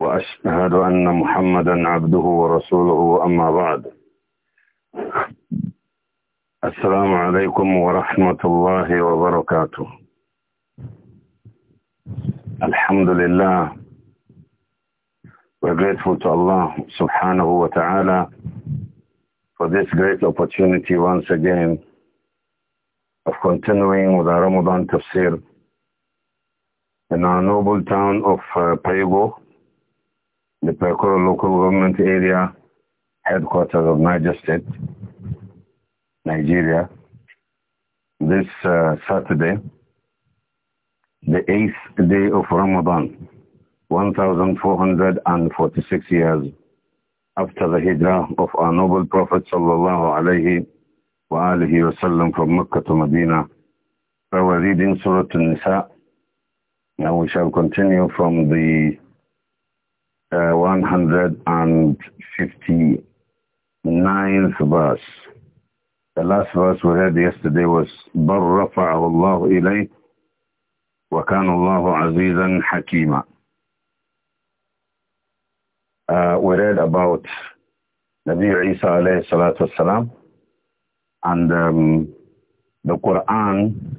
وأشهد أن محمدا عبده ورسوله أما بعد السلام عليكم ورحمة الله وبركاته الحمد لله We're grateful to Allah subhanahu wa ta'ala for this great opportunity once again of continuing with our Ramadan tafsir in our noble town of uh, Paygo, the Perkoro local government area, headquarters of Niger State, Nigeria, this uh, Saturday, the eighth day of Ramadan, 1446 years after the hijrah of our noble Prophet sallallahu alaihi wa alihi wasallam from Mecca to Medina. We were reading Surah An-Nisa. Now we shall continue from the 159th uh, verse. The last verse we read yesterday was بَلْ رَفَعَهُ اللَّهُ إِلَيْهِ وَكَانَ اللَّهُ عَزِيزًا حَكِيمًا uh, we read about Nabi Isa alayhi salatu wasalam and um, the Quran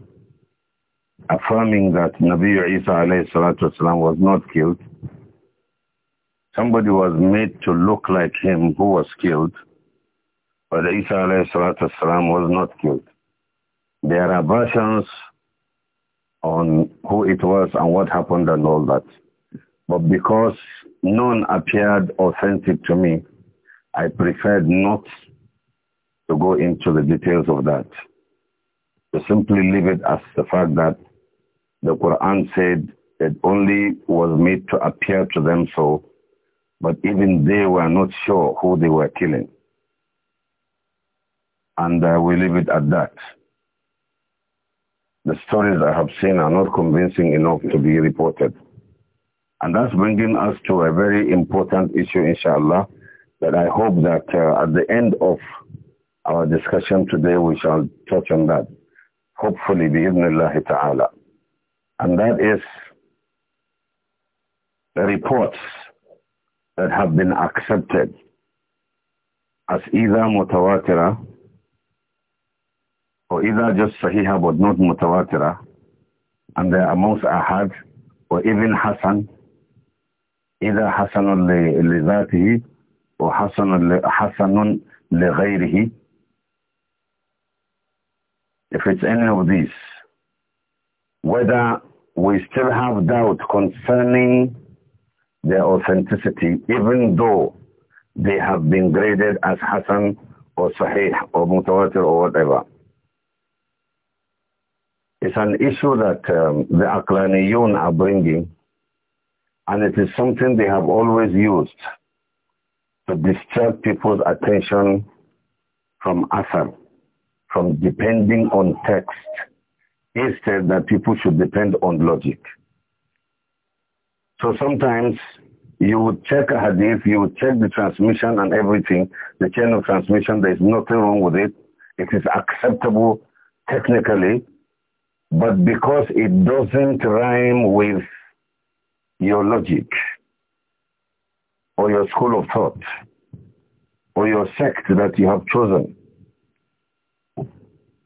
affirming that Nabi Isa alayhi salatu wasalam was not killed somebody was made to look like him who was killed, but Isa والسلام, was not killed. There are versions on who it was and what happened and all that. But because none appeared authentic to me, I preferred not to go into the details of that. To simply leave it as the fact that the Quran said it only was made to appear to them so but even they were not sure who they were killing. And uh, we leave it at that. The stories I have seen are not convincing enough to be reported. And that's bringing us to a very important issue, inshallah, that I hope that uh, at the end of our discussion today, we shall touch on that. Hopefully, Allah ta'ala. And that is the reports that have been accepted as either mutawatira or either just sahiha but not mutawatira and they're amongst ahad or even hasan either hasanun li dhatihi or hasanun hasanun li ghayrihi if it's any of these whether we still have doubt concerning their authenticity, even though they have been graded as Hassan or Sahih or Mutawatir or whatever. It's an issue that um, the Aklaniyun are bringing, and it is something they have always used to distract people's attention from Asar, from depending on text, instead that people should depend on logic. So sometimes you would check a hadith, you would check the transmission and everything, the chain of transmission, there's nothing wrong with it. It is acceptable technically, but because it doesn't rhyme with your logic or your school of thought or your sect that you have chosen,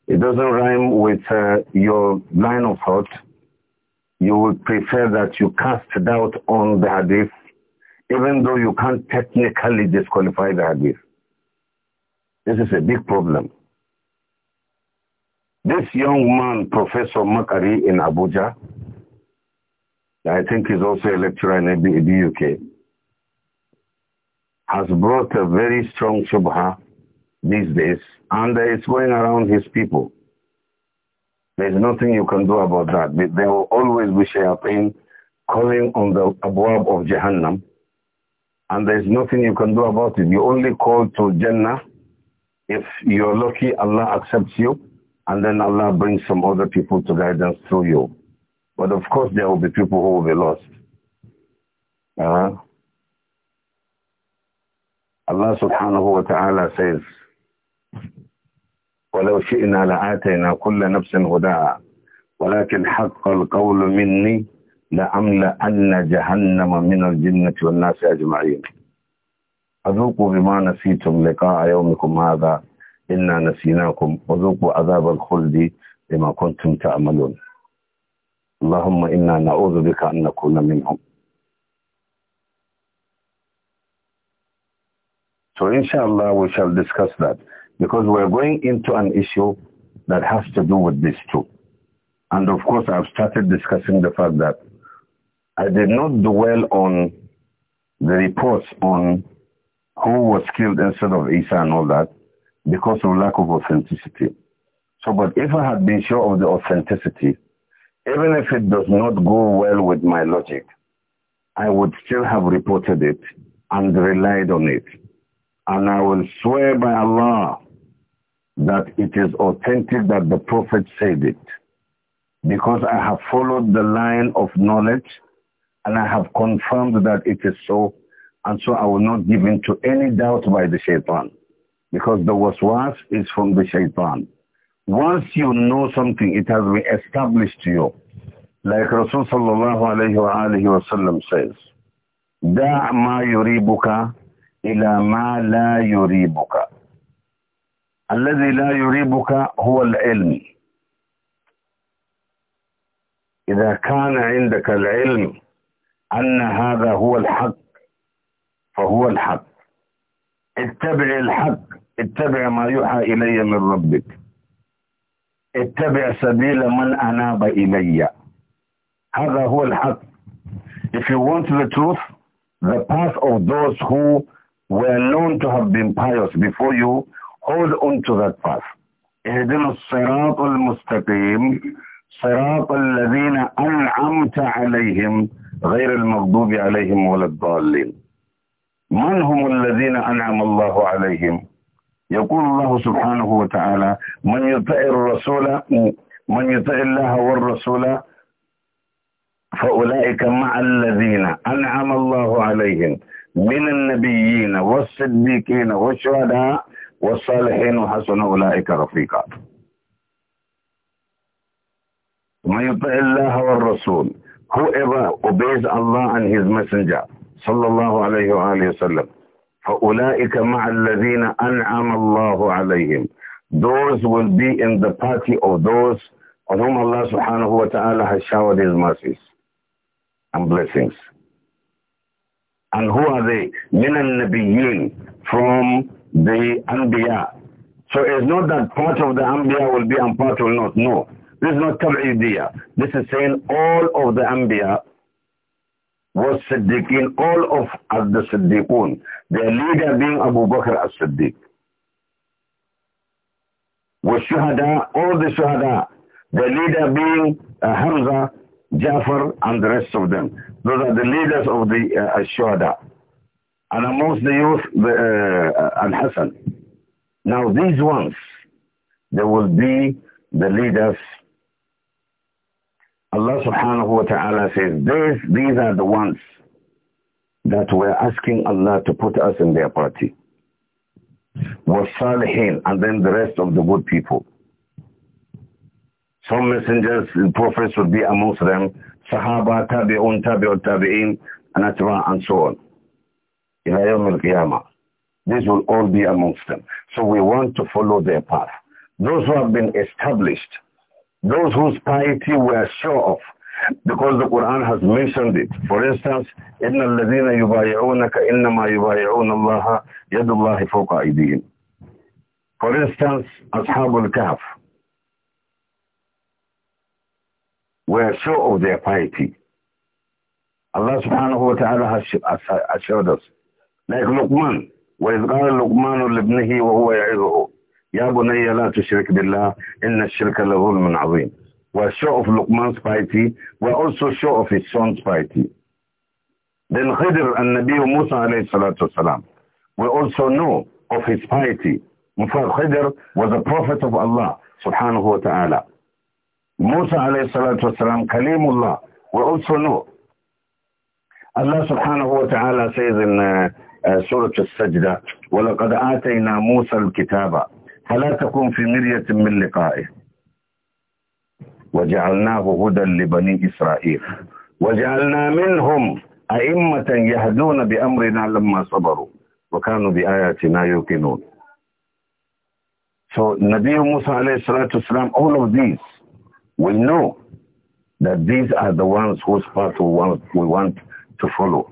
it doesn't rhyme with uh, your line of thought, you would prefer that you cast doubt on the hadith, even though you can't technically disqualify the hadith. This is a big problem. This young man, Professor Makari in Abuja, I think he's also a lecturer in the UK, has brought a very strong shubha these days, and it's going around his people. There's nothing you can do about that. There will always be shayateen calling on the abwab of Jahannam. And there's nothing you can do about it. You only call to Jannah. If you're lucky, Allah accepts you. And then Allah brings some other people to guidance through you. But of course, there will be people who will be lost. Uh Allah subhanahu wa ta'ala says, ولو شئنا لآتينا كل نفس هداها ولكن حق القول مني لأملأن جهنم من الجنة والناس أجمعين أذوقوا بما نسيتم لقاء يومكم هذا إنا نسيناكم وذوقوا عذاب الخلد بما كنتم تعملون اللهم إنا نعوذ بك أن نكون منهم So inshallah we shall discuss that. because we're going into an issue that has to do with this too. And of course, I've started discussing the fact that I did not dwell on the reports on who was killed instead of Isa and all that because of lack of authenticity. So, but if I had been sure of the authenticity, even if it does not go well with my logic, I would still have reported it and relied on it. And I will swear by Allah that it is authentic that the Prophet said it. Because I have followed the line of knowledge and I have confirmed that it is so. And so I will not give in to any doubt by the shaitan. Because the waswas is from the shaitan. Once you know something, it has been established to you. Like Rasulullah sallallahu says, دَعْ مَا يُرِيبُكَ إِلَى مَا لَا يُرِيبُكَ الذي لا يريبك هو العلم إذا كان عندك العلم أن هذا هو الحق فهو الحق اتبع الحق اتبع ما يوحى إلي من ربك اتبع سبيل من أناب إلي هذا هو الحق if you want the truth the path of those who were known to have been pious before you hold on to that path. اهدنا الصراط المستقيم صراط الذين أنعمت عليهم غير المغضوب عليهم ولا الضالين من هم الذين أنعم الله عليهم يقول الله سبحانه وتعالى من يطع الرسول من يطع الله والرسول فأولئك مع الذين أنعم الله عليهم من النبيين والصديقين والشهداء والصالحين وحسن أولئك رفيقا ومن يطع الله والرسول whoever obeys Allah and his messenger صلى الله عليه وآله وسلم فأولئك مع الذين أنعم الله عليهم those will be in the party of those on whom Allah subhanahu wa ta'ala has showered his mercies and blessings. And who are they? من النبيين from the Anbiya. So it's not that part of the Anbiya will be and part will not. No. This is not Tab'idiyya. This is saying all of the Anbiya was Siddiqeen, all of as the Siddiqun. Their leader being Abu Bakr as-Siddiq. Was Shuhada, all the Shuhada. The leader being uh, Hamza, Jafar and the rest of them. Those are the leaders of the uh, Shuhada and amongst the youth, the, uh, Al-Hassan. Now these ones, they will be the leaders. Allah subhanahu wa ta'ala says, these, these are the ones that were asking Allah to put us in their party. Wasalihin, And then the rest of the good people. Some messengers and prophets would be amongst them. Sahaba, tabi'un, tabi'ut, tabi'in, and so on. In yawm al-qiyamah. This will all be amongst them. So we want to follow their path. Those who have been established, those whose piety we are sure of, because the Quran has mentioned it. For instance, إِنَّ الَّذِينَ يُبَايِعُونَكَ إِنَّمَا يُبَايِعُونَ اللَّهَ يَدُ اللَّهِ فَوْقَ أَيْدِيهِمْ For instance, Ashab al-Kahf were sure of their piety. Allah subhanahu wa ta'ala has assured us لك لقمان وإذ قال لقمان لابنه وهو يعظه يا بني لا تشرك بالله إن الشرك لظلم عظيم were sure of Luqman's piety, were also sure of his son's piety. Then Khidr and Nabi Musa alayhi salatu wasalam We also know of his piety. Mufar Khidr was a prophet of Allah subhanahu wa ta'ala. Musa alayhi salatu wasalam, Kalimullah, we also know. Allah subhanahu wa ta'ala says in uh, آه، سورة السجدة ولقد آتينا موسى الكتاب فلا تكن في مرية من لقائه وجعلناه هدى لبني إسرائيل وجعلنا منهم أئمة يهدون بأمرنا لما صبروا وكانوا بآياتنا يوقنون So Nabi Musa alayhi salatu salam, all of these, we know that these are the ones whose path we want, we want to follow.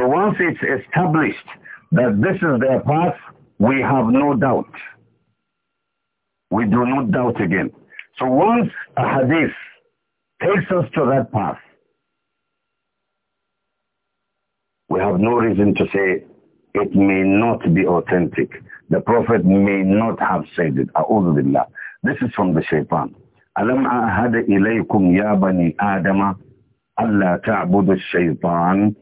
So once it's established that this is their path, we have no doubt. We do not doubt again. So once a hadith takes us to that path, we have no reason to say it may not be authentic. The Prophet may not have said it. A'udhu This is from the shaitan. أَلَمْ إِلَيْكُمْ يَا بَنِي آدَمَ أَلَّا تَعْبُدُ الشَّيْطَانِ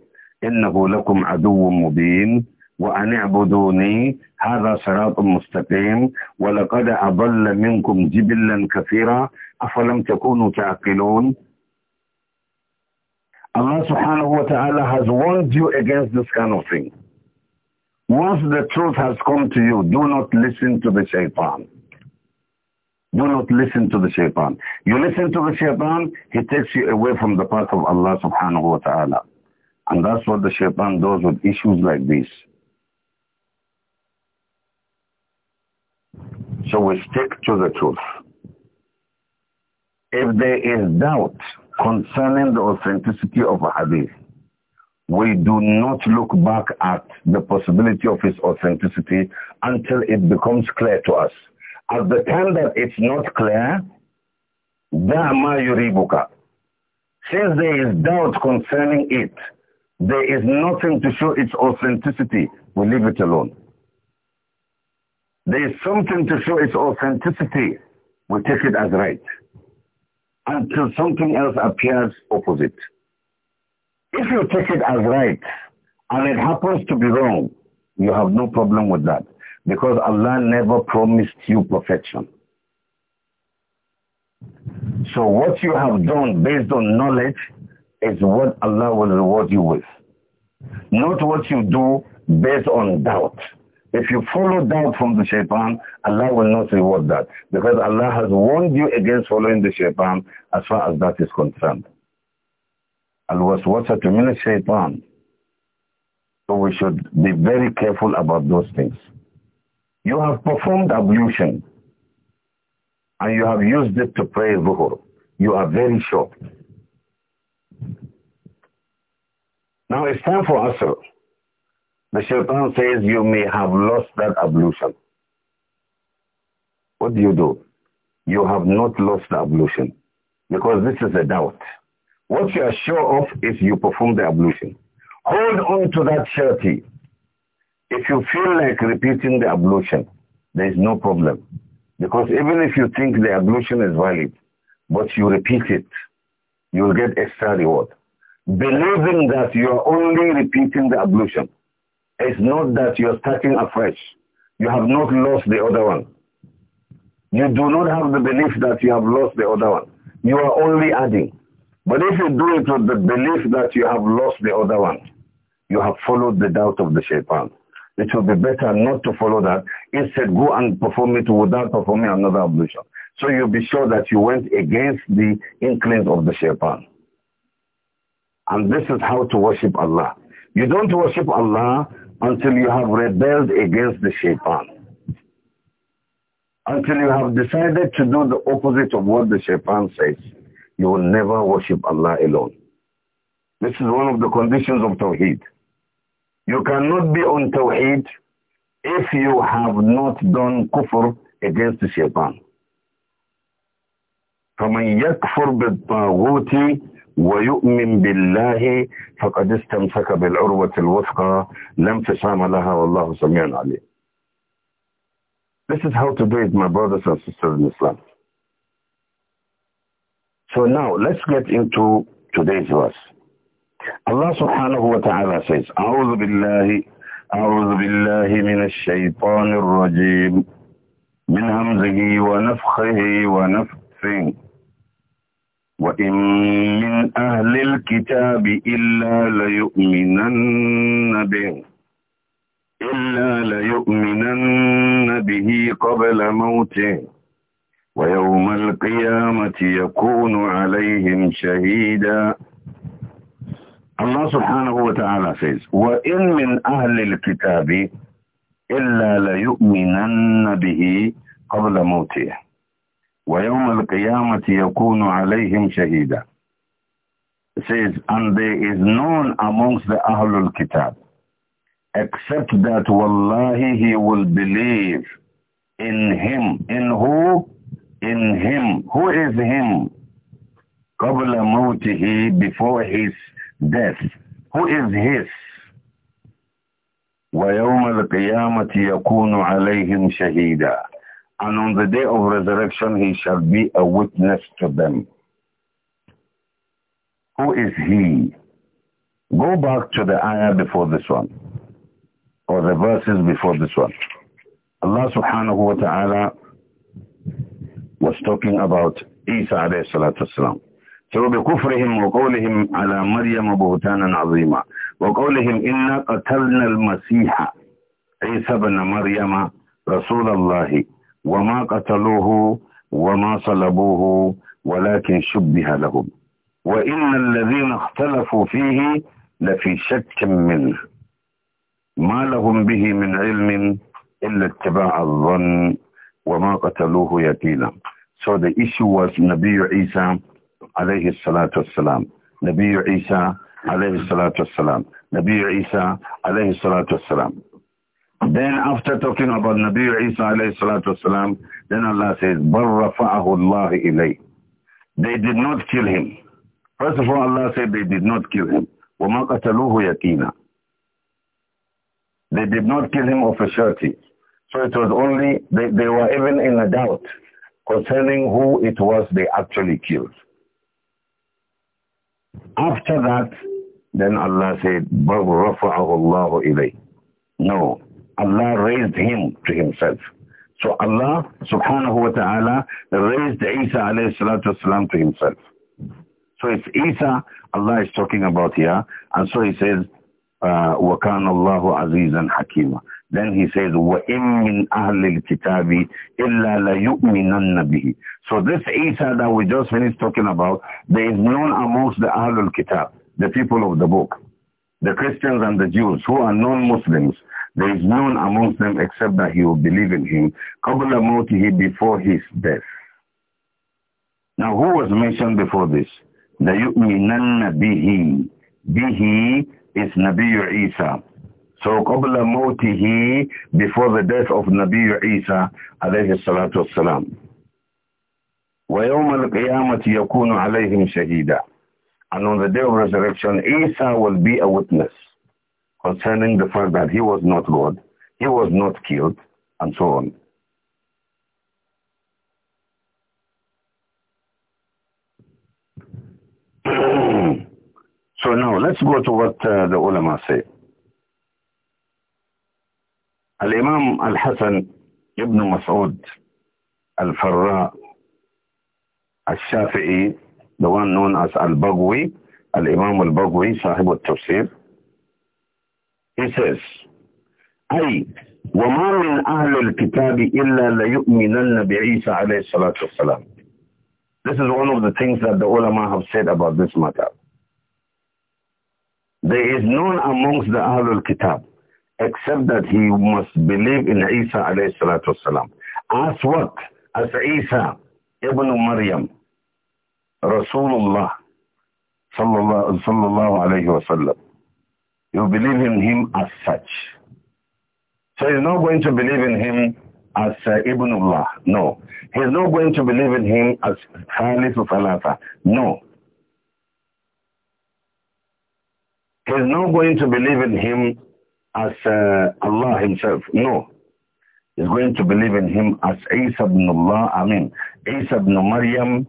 إنه لكم عدو مبين وأن اعبدوني هذا صراط مستقيم ولقد أضل منكم جبلا كثيرا أفلم تكونوا تعقلون Allah subhanahu wa ta'ala has warned you against this kind of thing. Once the truth has come to you, do not listen to the shaitan. Do not listen to the shaitan. You listen to the shaitan, he takes you away from the path of Allah subhanahu wa ta'ala. And that's what the shaitan does with issues like this. So we stick to the truth. If there is doubt concerning the authenticity of a hadith, we do not look back at the possibility of its authenticity until it becomes clear to us. At the time that it's not clear, dama Since there is doubt concerning it, there is nothing to show its authenticity. We leave it alone. There is something to show its authenticity. We take it as right. Until something else appears opposite. If you take it as right and it happens to be wrong, you have no problem with that. Because Allah never promised you perfection. So what you have done based on knowledge is what Allah will reward you with. Not what you do based on doubt. If you follow doubt from the shaitan, Allah will not reward that. Because Allah has warned you against following the shaitan as far as that is concerned. Al-waswasa to min shaitan. So we should be very careful about those things. You have performed ablution and you have used it to pray dhuhr. You are very shocked. Sure. Now it's time for Asr. The shaitan says you may have lost that ablution. What do you do? You have not lost the ablution because this is a doubt. What you are sure of is you perform the ablution. Hold on to that surety. If you feel like repeating the ablution, there is no problem. Because even if you think the ablution is valid, but you repeat it, you will get extra reward believing that you are only repeating the ablution. It's not that you are starting afresh. You have not lost the other one. You do not have the belief that you have lost the other one. You are only adding. But if you do it with the belief that you have lost the other one, you have followed the doubt of the shaitan. It will be better not to follow that. Instead, go and perform it without performing another ablution. So you'll be sure that you went against the inclines of the shaitan. And this is how to worship Allah. You don't worship Allah until you have rebelled against the shaitan. Until you have decided to do the opposite of what the shaitan says. You will never worship Allah alone. This is one of the conditions of Tawheed. You cannot be on Tawheed if you have not done kufr against the shaitan. فَمَنْ يَكْفُرْ بِالطَّاغُوتِ ويؤمن بالله فقد استمسك بالعروة الوثقى لا انفصام لها والله سميع عليم This is how to do it, my brothers and sisters in Islam. So now, let's get into today's verse. Allah subhanahu wa ta'ala says, أعوذ بالله أعوذ بالله من الشيطان الرجيم من همزه ونفخه ونفثه وإن من أهل الكتاب إلا ليؤمنن به إلا ليؤمنن به قبل موته ويوم القيامة يكون عليهم شهيدا الله سبحانه وتعالى says وإن من أهل الكتاب إلا ليؤمنن به قبل موته ويوم القيامة يكون عليهم شهيدا. It says, and there is none amongst the Ahlul Kitab, except that wallahi he will believe in him. In who? In him. Who is him? قبل موته, before his death. Who is his? ويوم القيامة يكون عليهم شهيدا. and on the day of resurrection he shall be a witness to them. Who is he? Go back to the ayah before this one, or the verses before this one. Allah subhanahu wa ta'ala was talking about Isa alayhi salatu wasalam. So بكفرهم وقولهم على مريم بهتانا عظيما وقولهم إنا قتلنا المسيح عيسى بن مريم رسول الله وما قتلوه وما صلبوه ولكن شبه لهم وإن الذين اختلفوا فيه لفي شك منه ما لهم به من علم إلا اتباع الظن وما قتلوه يقينا So the issue was Nabi Isa alayhi salatu wasalam. Nabi Isa alayhi salatu wasalam. Nabi Isa alayhi salatu wasalam. Then after talking about Nabi Isa alayhi salatu wasalam, then Allah says, بَرْ اللَّهِ إِلَيْهِ They did not kill him. First of all, Allah said they did not kill him. وَمَا قَتَلُوهُ يَكِينًا They did not kill him of a surety. So it was only, they, they were even in a doubt concerning who it was they actually killed. After that, then Allah said, بَرْ رَفَعَهُ اللَّهُ إِلَيْهِ No, Allah raised him to himself. So Allah subhanahu wa ta'ala raised Isa alayhi salatu wasalam to himself. So it's Isa Allah is talking about here. And so he says, وَكَانَ اللَّهُ عَزِيزًا حَكِيمًا Then he says, وَإِن مِّنْ أَهْلِ الْكِتَابِ إِلَّا لَيُؤْمِنَنَّ بِهِ So this Isa that we just finished talking about, there is known amongst the Ahlul Kitab, the people of the book, the Christians and the Jews who are non-Muslims. There is none amongst them except that he will believe in him. Qabla mawtihi before his death. Now who was mentioned before this? The yu'minanna bihi. Bihi is Nabi Isa. So qabla mawtihi before the death of Nabi Isa alayhi salatu wassalam. ويوم القيامة يكون عليهم شهيدا. And on the day of resurrection, Isa will be a witness concerning the fact that he was not God, he was not killed, and so on. so now let's go to what uh, the ulama say. Imam Ibn الحسن al مسعود Al shafii the one known as al-Bagwi, al-Imam al-Bagwi, al Tafsir. He says, أي وما من أهل الكتاب إلا ليؤمنن بعيسى عليه الصلاة والسلام. This is one of the things that the ulama have said about this matter. There is none amongst the Ahlul Kitab except that he must believe in Isa alayhi salatu wasalam. As what? As Isa ibn Maryam, Rasulullah sallallahu alayhi wasallam you believe in him as such. So he's not going to believe in him as uh, Ibn Allah. No. He's not going to believe in him as Khalif of No. He's not going to believe in him as uh, Allah himself. No. He's going to believe in him as Isa ibn Allah. I mean, Isa ibn Maryam,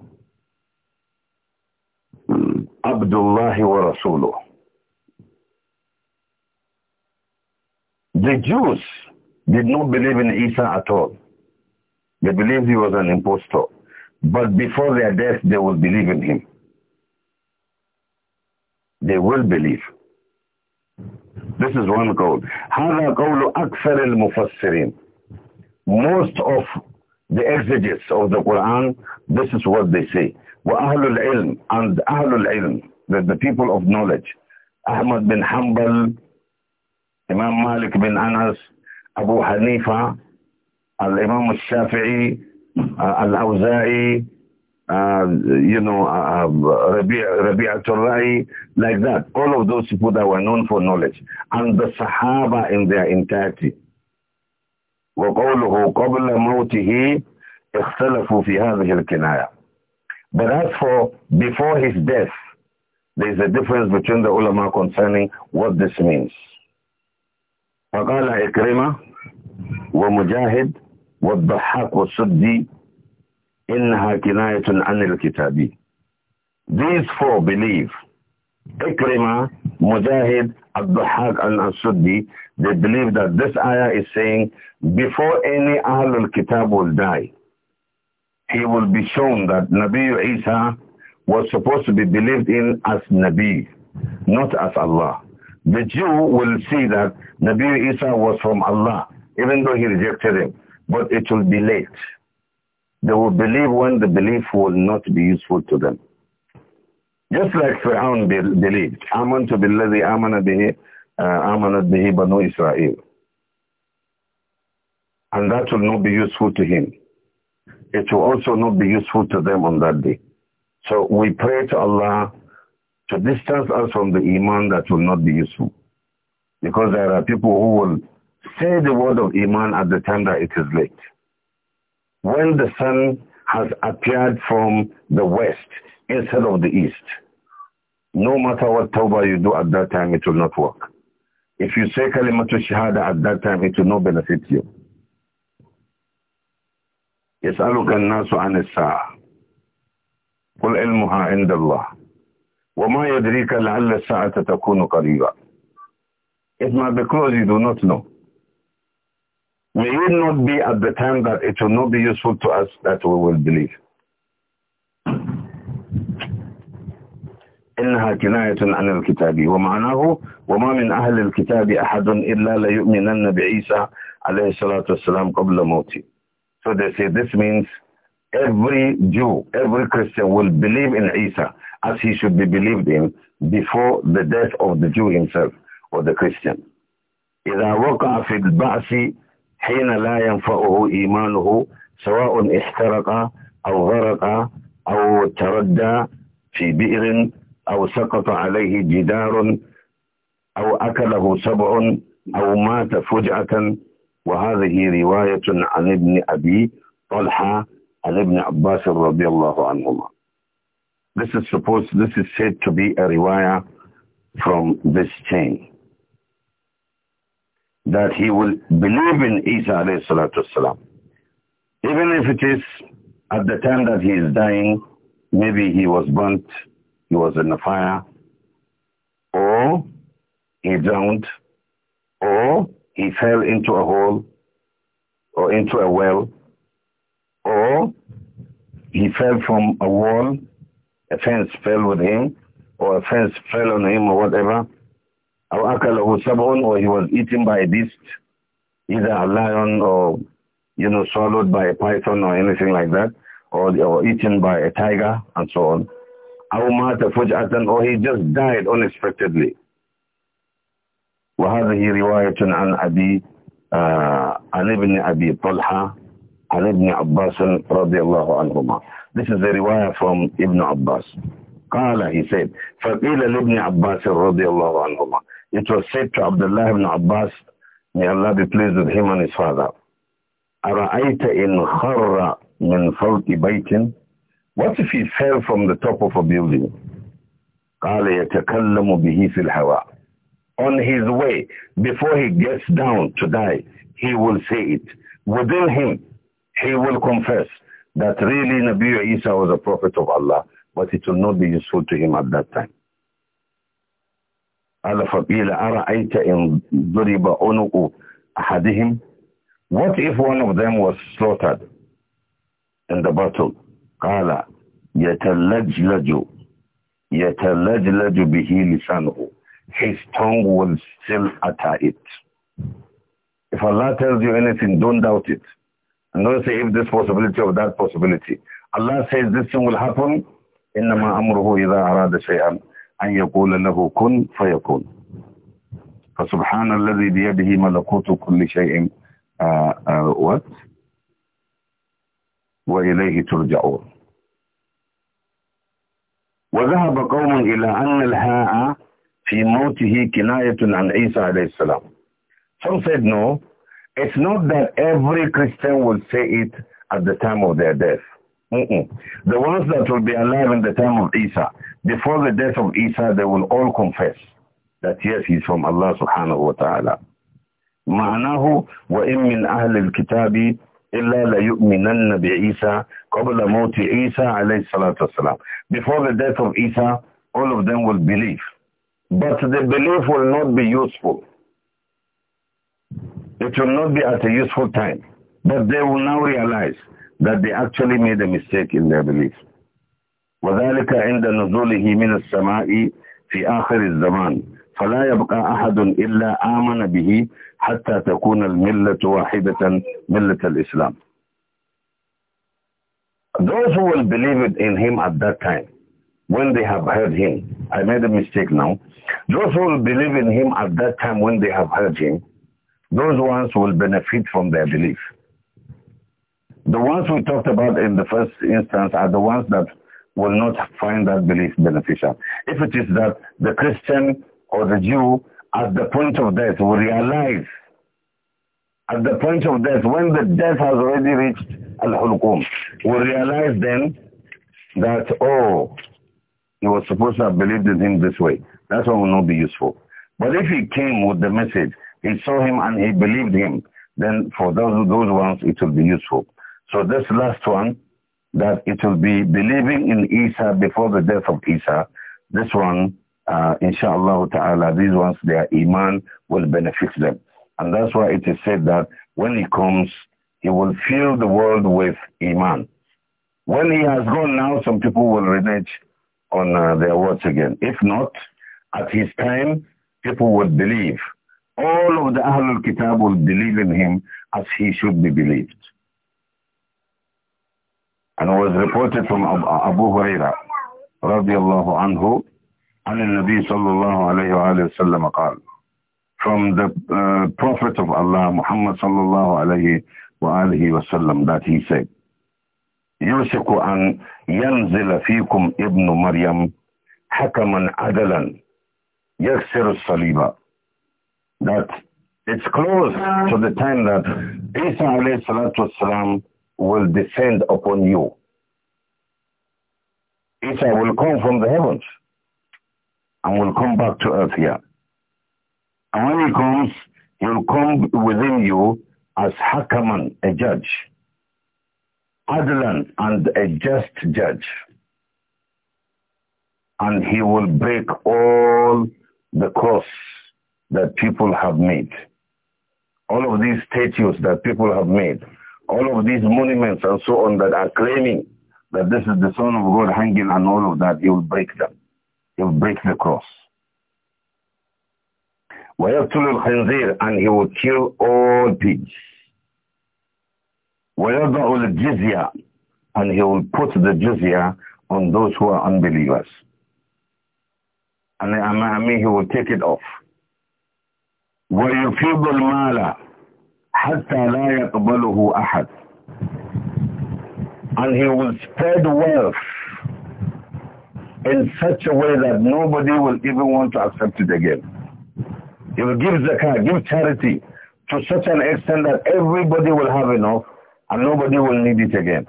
Abdullah wa Rasuluh. The Jews did not believe in Isa at all. They believed he was an impostor. But before their death, they will believe in him. They will believe. This is one goal. هذا قول أكثر المفسرين. Most of the exegetes of the Quran, this is what they say. وأهل العلم and أهل العلم, the, the people of knowledge. Ahmad bin Hanbal, Imam Malik bin Anas, Abu Hanifa, Al-Imam al-Shafi'i, uh, Al-Awza'i, uh, you know, uh, uh Rabi' al-Ra'i, like that. All of those people that were known for knowledge. And the Sahaba in their entirety. وقوله قبل موته اختلفوا في هذه الكناية. But as for before his death, there is a difference between the ulama concerning what this means. فقال إكرمة ومجاهد والضحاك والسدي إنها كناية عن الكتابي These four believe Ikrima, Mujahid, Abduhaq and Asuddi, they believe that this ayah is saying before any al Kitab will die, he will be shown that Nabi Isa was supposed to be believed in as Nabi, not as Allah. The Jew will see that Nabi Isa was from Allah, even though he rejected him. But it will be late. They will believe when the belief will not be useful to them. Just like Fir'aun believed. to Billahi, amana bihi, uh, amanat bihi banu Israel. And that will not be useful to him. It will also not be useful to them on that day. So we pray to Allah to distance us from the iman that will not be useful. Because there are people who will say the word of iman at the time that it is late. When the sun has appeared from the west instead of the east, no matter what tawbah you do at that time, it will not work. If you say kalimatu shahada at that time, it will not benefit you. يسألك الناس عن الساعة قل علمها عند الله وَمَا يَدْرِيكَ لَعَلَّ السَّاعَةَ تَكُونُ قريبة It might be close, you do not know. May it not be at the time that it will not be useful to us that we will believe. إنها كناية عن الكتاب ومعناه وما من أهل الكتاب أحد إلا ليؤمنن بعيسى عليه الصلاة والسلام قبل موته. So they say this means every Jew, every Christian will believe in Isa as he should be believed in before the death of the Jew himself or the Christian. إذا وقع في البعث حين لا ينفعه إيمانه سواء احترق أو غرق أو تردى في بئر أو سقط عليه جدار أو أكله سبع أو مات فجأة وهذه رواية عن ابن أبي طلحة عن ابن عباس رضي الله عنهما this is supposed, this is said to be a riwayah from this chain. That he will believe in Isa alayhi salatu salam. Even if it is at the time that he is dying, maybe he was burnt, he was in a fire, or he drowned, or he fell into a hole, or into a well, or he fell from a wall offense fell with him, or offense fell on him or whatever, Our أو was سبع or he was eaten by a beast, either a lion or, you know, swallowed by a python or anything like that, or, or eaten by a tiger and so on. أو مات فجأة or he just died unexpectedly. وهذه رواية عن أبي عن ابن أبي طلحة عن ابن عباس رضي الله عنهما this is a riwayah from Ibn Abbas. قال, he said, فَقِيلَ لِبْنِ عَبَّاسٍ رَضِيَ اللَّهُ عَنْهُمَا It was said to Abdullah ibn Abbas, may Allah be pleased with him and his father. أَرَأَيْتَ إِنْ خَرَّ مِنْ فَوْتِ بَيْتٍ What if he fell from the top of a building? قَالَ يَتَكَلَّمُ بِهِ فِي الْهَوَىٰ On his way, before he gets down to die, he will say it. Within him, he will confess that really Nabi Isa was a prophet of Allah, but it will not be useful to him at that time. قال فقيل أرأيت إن ضرب عنق أحدهم What if one of them was slaughtered in the battle? قال يتلجلج يتلجلج bihi لسانه His tongue will still utter it. If Allah tells you anything, don't doubt it. And don't say if this possibility or that possibility. Allah says this thing will happen. إنما أمره إذا أراد شيئا أن يقول له كن فيكون. فسبحان الذي بيده ملكوت كل شيء what? وإليه ترجعون. وذهب قوم إلى أن الهاء في موته كناية عن عيسى عليه السلام. Some said no, it's not that every Christian will say it at the time of their death. Mm -mm. The ones that will be alive in the time of Isa, before the death of Isa, they will all confess that yes, he's from Allah subhanahu wa ta'ala. معناه وإن من أهل الكتاب إلا ليؤمنن بعيسى قبل موت عيسى عليه الصلاة والسلام. Before the death of Isa, all of them will believe. But the belief will not be useful. It will not be at a useful time. But they will now realize that they actually made a mistake in their belief. وذلك عند نزوله من السماء في آخر الزمان فلا يبقى أحد إلا آمن به حتى تكون الملة واحدة ملة الإسلام Those who will believe it in him at that time, when they have heard him, I made a mistake now. Those who will believe in him at that time when they have heard him, those ones will benefit from their belief. The ones we talked about in the first instance are the ones that will not find that belief beneficial. If it is that the Christian or the Jew at the point of death will realize at the point of death, when the death has already reached Al-Hulqum, will realize then that, oh, he was supposed to have believed in him this way. That's one will not be useful. But if he came with the message he saw him and he believed him. Then for those, those ones, it will be useful. So this last one, that it will be believing in Isa before the death of Isa. This one, uh, inshallah ta'ala, these ones, their iman will benefit them. And that's why it is said that when he comes, he will fill the world with iman. When he has gone now, some people will renege on uh, their words again. If not, at his time, people would believe all of the Ahlul Kitab will believe in him as he should be believed. And was reported from Abu Huraira radiallahu anhu عن النبي صلى الله عليه وآله وسلم قال from the uh, Prophet of Allah Muhammad صلى الله عليه وآله وسلم that he said يوشك أن ينزل فيكم ابن مريم حكما عدلا يكسر الصليب that it's close to the time that Isa will descend upon you. Isa will come from the heavens and will come back to earth here. And when he comes, he will come within you as Hakaman, a judge, Adlan, and a just judge. And he will break all the costs that people have made, all of these statues that people have made, all of these monuments and so on that are claiming that this is the Son of God hanging and all of that, he will break them. He will break the cross. وَيَقْتُلُ الْخِنْزِيرَ And he will kill all pigs. وَيَضَعُ الْجِزْيَةَ And he will put the jizya on those who are unbelievers. And I mean, he will take it off. ويفيض المال حتى لا يقبله أحد and he will spread wealth in such a way that nobody will even want to accept it again. He will give zakah, give charity to such an extent that everybody will have enough and nobody will need it again.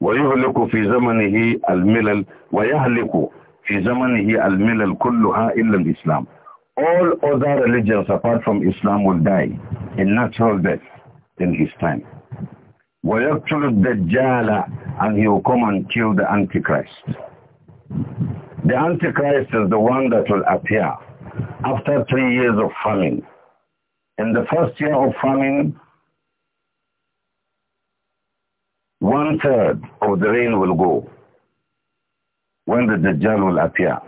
ويهلك في زمنه الملل ويهلك al-milal الملل كلها إلا Islam, all other religions apart from Islam will die a natural death in his time ويقتل الدجال and he will come and kill the Antichrist the Antichrist is the one that will appear after three years of famine in the first year of famine one third of the rain will go when the Dajjal will appear.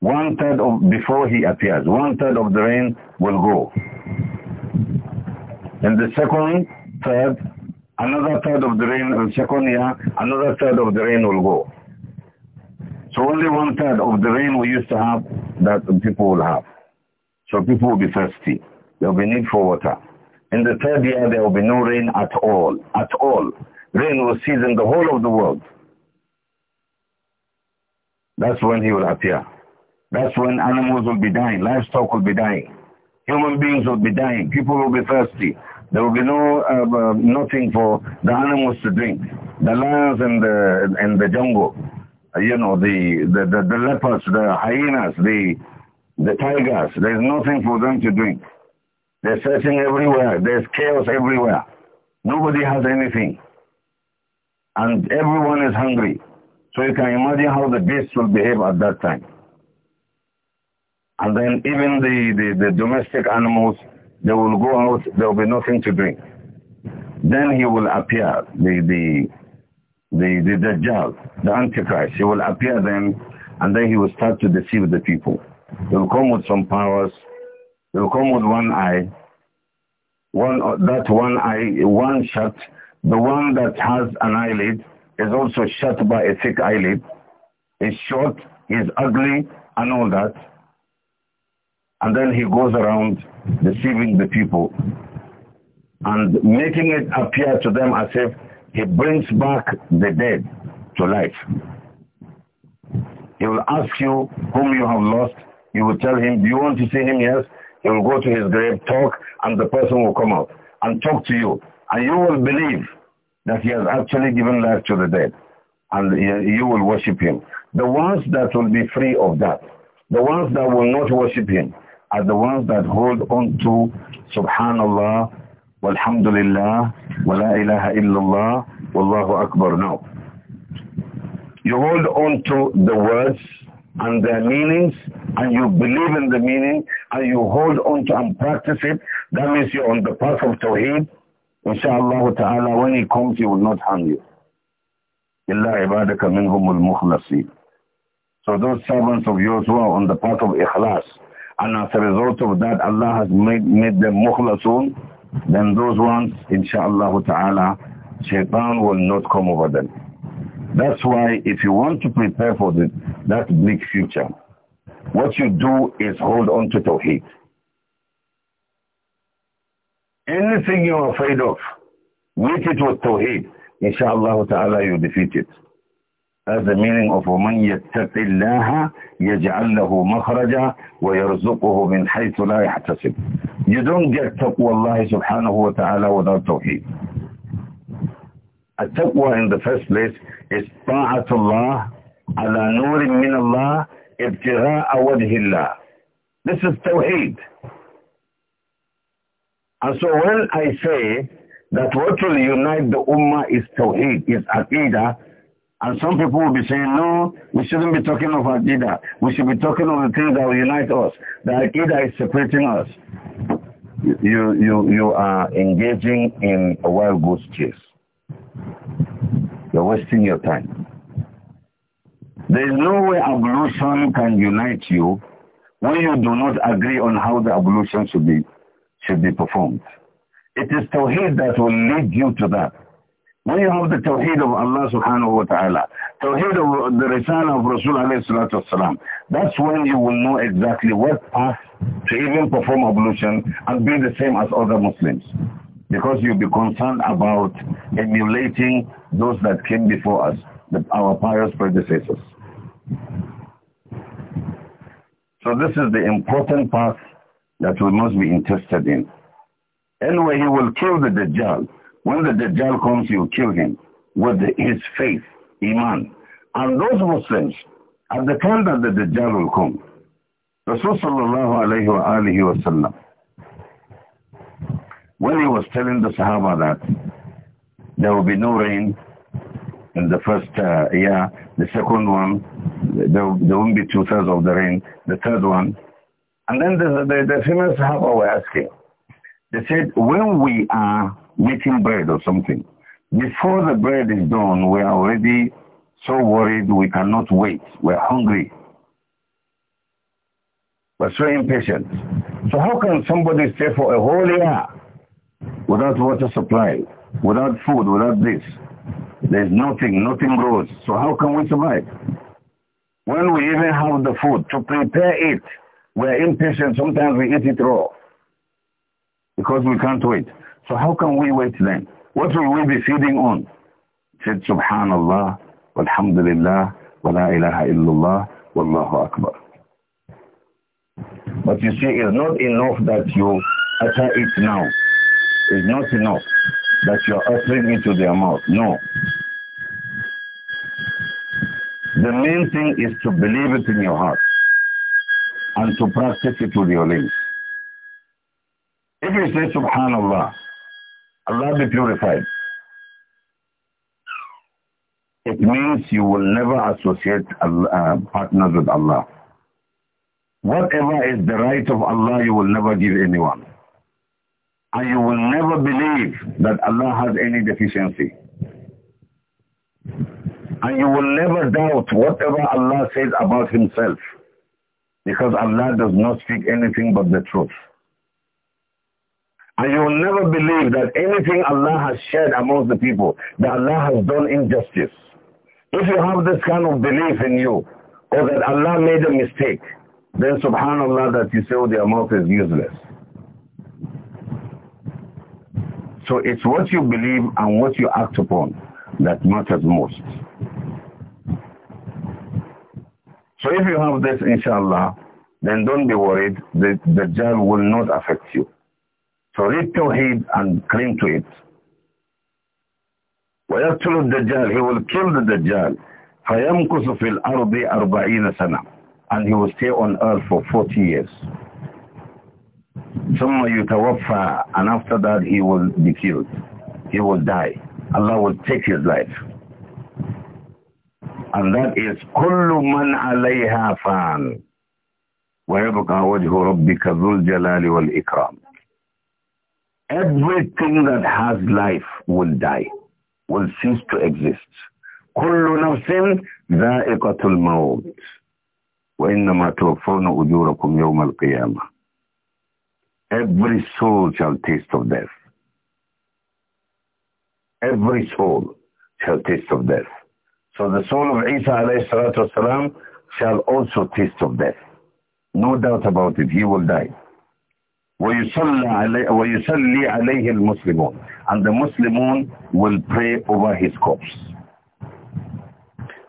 One third of, before he appears, one third of the rain will go. In the second third, another third of the rain, in second year, another third of the rain will go. So only one third of the rain we used to have that people will have. So people will be thirsty. There will be need for water. In the third year, there will be no rain at all. At all. Rain will season the whole of the world. That's when he will appear. That's when animals will be dying, livestock will be dying, human beings will be dying, people will be thirsty. There will be no uh, uh, nothing for the animals to drink, the lions and the and the jungle, uh, you know the, the the, the leopards, the hyenas, the the tigers. There's nothing for them to drink. They're searching everywhere. There's chaos everywhere. Nobody has anything, and everyone is hungry. So you can imagine how the beasts will behave at that time. And then even the, the, the domestic animals, they will go out, there will be nothing to drink. Then he will appear, the, the, the, the Dajjal, the Antichrist. He will appear then, and then he will start to deceive the people. He will come with some powers. He will come with one eye. One, that one eye, one shut. The one that has an eyelid, is also shut by a thick eyelid, is short, is ugly, and all that. And then he goes around deceiving the people and making it appear to them as if he brings back the dead to life. He will ask you whom you have lost. You will tell him, do you want to see him? Yes. He will go to his grave, talk, and the person will come out and talk to you. And you will believe that he has actually given life to the dead and you will worship him. The ones that will be free of that, the ones that will not worship him, are the ones that hold on to Subhanallah, Walhamdulillah, Wala ilaha illallah, Wallahu Akbar. Now, you hold on to the words and their meanings, and you believe in the meaning, and you hold on to and practice it. That means you're on the path of Tawheed, Inshallah ta'ala, when he comes, he will not harm you. إِلَّا عِبَادَكَ مِنْهُمُ mukhlasin. So those servants of yours who are on the path of ikhlas, and as a result of that, Allah has made, made them mukhlasun, then those ones, inshallah ta'ala, shaitan will not come over them. That's why if you want to prepare for the, that bleak future, what you do is hold on to Tawheed. Anything you're afraid of, meet it with tawheed. Insha'Allah ta'ala, you defeat it. That's the meaning of وَمَنْ يَتَّقِ اللَّهَ يَجْعَلْ لَهُ مَخْرَجًا وَيَرْزُقُهُ مِنْ حَيْثُ لَا يَحْتَسِبُ You don't get taqwa Allah subhanahu wa ta'ala without tawheed. At-taqwa in the first place is ta'atullah ala nurin min Allah ibtigha'a wajhi Allah. This is tawheed. And so when I say that what will unite the Ummah is Tawheed, is Aqidah, and some people will be saying, no, we shouldn't be talking of Aqidah. We should be talking of the things that will unite us. The Aqidah is separating us. You, you, you are engaging in a wild goose chase. You're wasting your time. There is no way ablution can unite you when you do not agree on how the ablution should be should be performed. It is Tawheed that will lead you to that. When you have the Tawheed of Allah subhanahu wa ta'ala, Tawheed of the Risalah of Rasul alayhi salatu wasalam, that's when you will know exactly what path to even perform ablution and be the same as other Muslims. Because you'll be concerned about emulating those that came before us, the, our pious predecessors. So this is the important part that we must be interested in. Anyway, he will kill the Dajjal. When the Dajjal comes, you kill him with his faith, Iman. And those Muslims, at the time that the Dajjal will come, Rasul sallallahu alayhi wa alihi when he was telling the Sahaba that there will be no rain in the first uh, year, the second one, there, there won't be two-thirds of the rain, the third one, and then the, the, the female Sahaba were asking. They said, when we are making bread or something, before the bread is done, we are already so worried we cannot wait. We're hungry. We're so impatient. So how can somebody stay for a whole year without water supply, without food, without this? There's nothing, nothing grows. So how can we survive? When we even have the food to prepare it, we're impatient. Sometimes we eat it raw because we can't wait. So how can we wait then? What will we be feeding on? He said, Subhanallah, walhamdulillah, wa la ilaha illallah, wallahu akbar. But you see, it's not enough that you utter it now. It's not enough that you're uttering to their mouth. No. The main thing is to believe it in your heart and to practice it with your lips. If you say subhanallah, Allah be purified. It means you will never associate Allah, uh, partners with Allah. Whatever is the right of Allah, you will never give anyone. And you will never believe that Allah has any deficiency. And you will never doubt whatever Allah says about himself. Because Allah does not speak anything but the truth. And you will never believe that anything Allah has shared amongst the people, that Allah has done injustice. If you have this kind of belief in you, or that Allah made a mistake, then subhanallah that you say, oh, their mouth is useless. So it's what you believe and what you act upon that matters most. So if you have this, inshallah, then don't be worried. The, the Dajjal will not affect you. So read head and cling to it. وَيَقْتُلُ الدَّجَّالِ He will kill the Dajjal. فَيَمْكُسُ فِي الْأَرْضِ أَرْبَعِينَ سَنَةً And he will stay on earth for 40 years. ثُمَّ يُتَوَفَّى And after that he will be killed. He will die. Allah will take his life. And that is كل من عليها فان ويبقى وجه ربك ذو الجلال والإكرام Everything that has life will die, will cease to exist. كل نفس ذائقة الموت وإنما توفون أجوركم يوم القيامة Every soul shall taste of death. Every soul shall taste of death. So the soul of Isa alayhi salatu wasalam shall also taste of death. No doubt about it, he will die. وَيُسَلِّ عَلَيْهِ الْمُسْلِمُونَ And the Muslimun will pray over his corpse.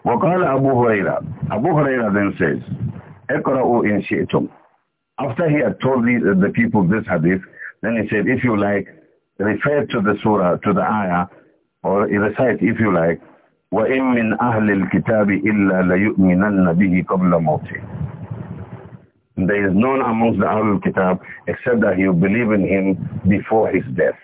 وَقَالَ Abu Huraira. Abu Huraira then says, اقرأوا إن شئتم. After he had told the, the people this hadith, then he said, if you like, refer to the surah, to the ayah, or recite if you like, وإن من أهل الكتاب إلا ليؤمنن به قبل موته There is none amongst the Ahlul Kitab except that you believe in him before his death.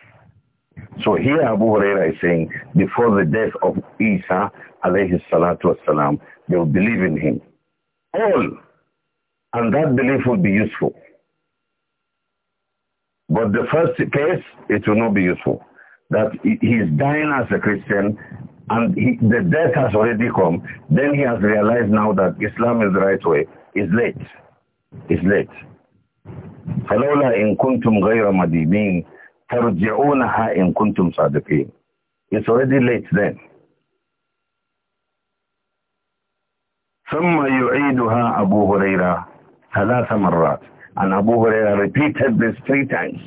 So here Abu Huraira is saying, before the death of Isa, alayhi salatu wasalam, they will believe in him. All. And that belief will be useful. But the first case, it will not be useful. That he is dying as a Christian and he, the death has already come, then he has realized now that Islam is the right way. It's late. It's late. فلولا إن كنتم غير مدينين ترجعونها إن كنتم صادقين. It's already late then. ثم يعيدها أبو هريرة ثلاث مرات. And Abu Huraira repeated this three times.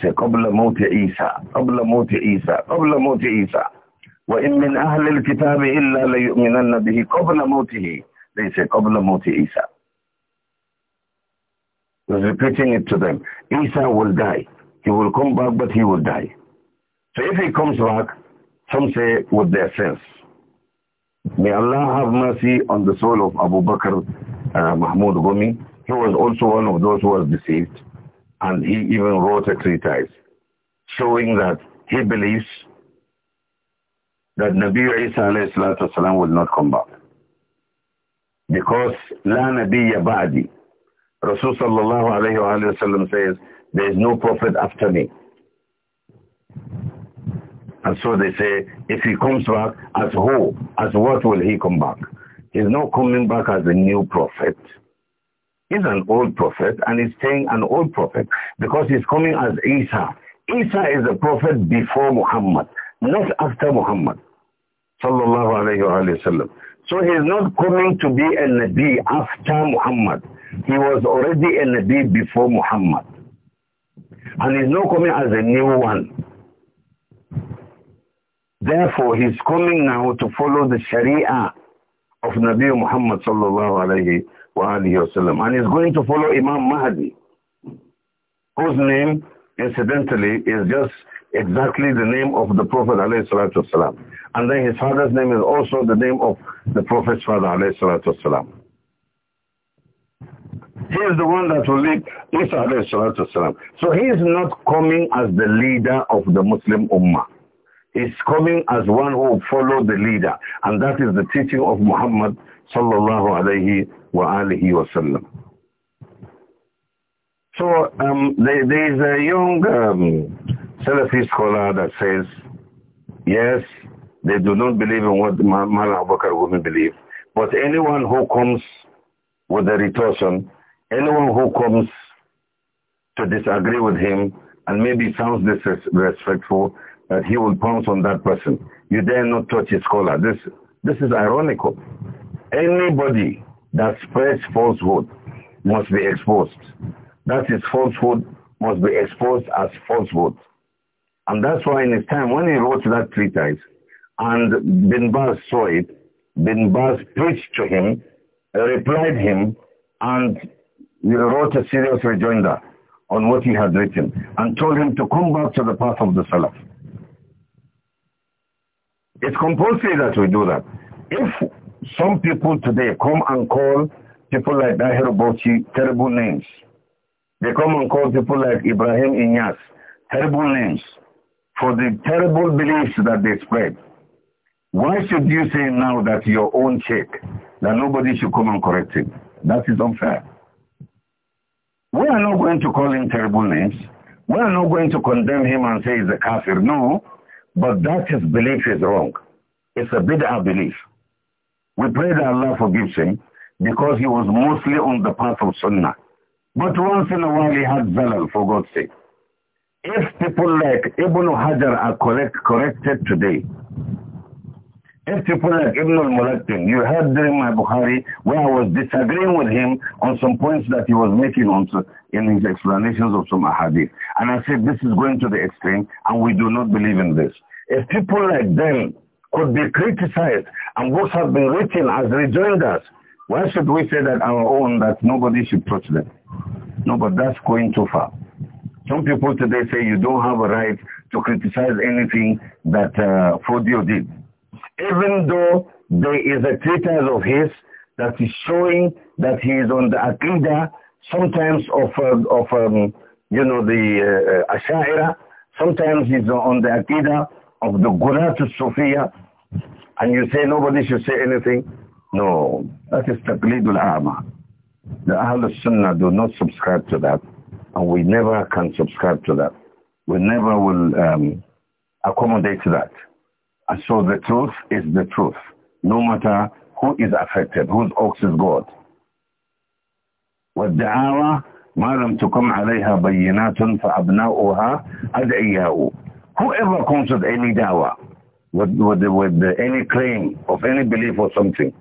Say, قبل موت عيسى, قبل موت عيسى, قبل موت عيسى. وإن من أهل الكتاب إلا ليؤمنن به قبل موته they say قبل موت Isa was repeating it to them Isa will die he will come back but he will die so if he comes back some say with their sense may Allah have mercy on the soul of Abu Bakr uh, Mahmoud Gumi he was also one of those who was deceived and he even wrote a treatise showing that he believes that Nabi Isa alayhi will not come back. Because La Nabiya Ba'di. Rasul sallallahu alayhi wa sallam says, there is no prophet after me. And so they say, if he comes back, as who? As what will he come back? He's not coming back as a new prophet. He's an old prophet and he's staying an old prophet because he's coming as Isa. Isa is a prophet before Muhammad not after Muhammad sallallahu alayhi wa sallam. So he is not coming to be a Nabi after Muhammad. He was already a Nabi before Muhammad. And he's not coming as a new one. Therefore, he's coming now to follow the Sharia of Nabi Muhammad sallallahu alayhi wa sallam. And he's going to follow Imam Mahdi, whose name, incidentally, is just exactly the name of the Prophet والسلام. And then his father's name is also the name of the Prophet's father والسلام. He is the one that will lead Isa والسلام. So he is not coming as the leader of the Muslim Ummah. He's coming as one who will follow the leader. And that is the teaching of Muhammad sallallahu alayhi wa alihi wa sallam. So um, there, there is a young um, Salafi scholar that says, yes, they do not believe in what Malan Abakar women believe. But anyone who comes with a retortion, anyone who comes to disagree with him and maybe sounds disrespectful, that he will pounce on that person. You dare not touch a scholar. This, this is ironical. Anybody that spreads falsehood must be exposed. That is falsehood must be exposed as falsehood. And that's why in his time, when he wrote that treatise, and Bin Baz saw it, Bin Baz preached to him, replied him, and wrote a serious rejoinder on what he had written, and told him to come back to the path of the Salaf. It's compulsory that we do that. If some people today come and call people like Dahir Bochi terrible names, they come and call people like Ibrahim Inyas terrible names, for the terrible beliefs that they spread. Why should you say now that your own check, that nobody should come and correct him? That is unfair. We are not going to call him terrible names. We are not going to condemn him and say he's a kafir. No, but that his belief is wrong. It's a bid'ah belief. We pray that Allah forgives him because he was mostly on the path of sunnah. But once in a while he had zalal for God's sake. If people like Ibn Hajar are correct, corrected today, if people like Ibn al you heard during my Bukhari where I was disagreeing with him on some points that he was making on, in his explanations of some ahadith. And I said, this is going to the extreme and we do not believe in this. If people like them could be criticized and books have been written as rejoinders, why should we say that our own, that nobody should touch them? No, but that's going too far. Some people today say you don't have a right to criticize anything that uh, Fodio did. Even though there is a treatise of his that is showing that he is on the Aqidah, sometimes of, um, of um, you know, the uh, Asha'ira, sometimes he's on the Aqidah of the Gurata Sufiya, and you say nobody should say anything. No, that is Taqlidul A'ma. The Ahlul Sunnah do not subscribe to that. And we never can subscribe to that. We never will um, accommodate that. And so the truth is the truth, no matter who is affected, whose ox is God. والدعاوى ما لم عليها بينات فأبناؤها أدعياء. Whoever comes with any dawa, with, with, with any claim of any belief or something,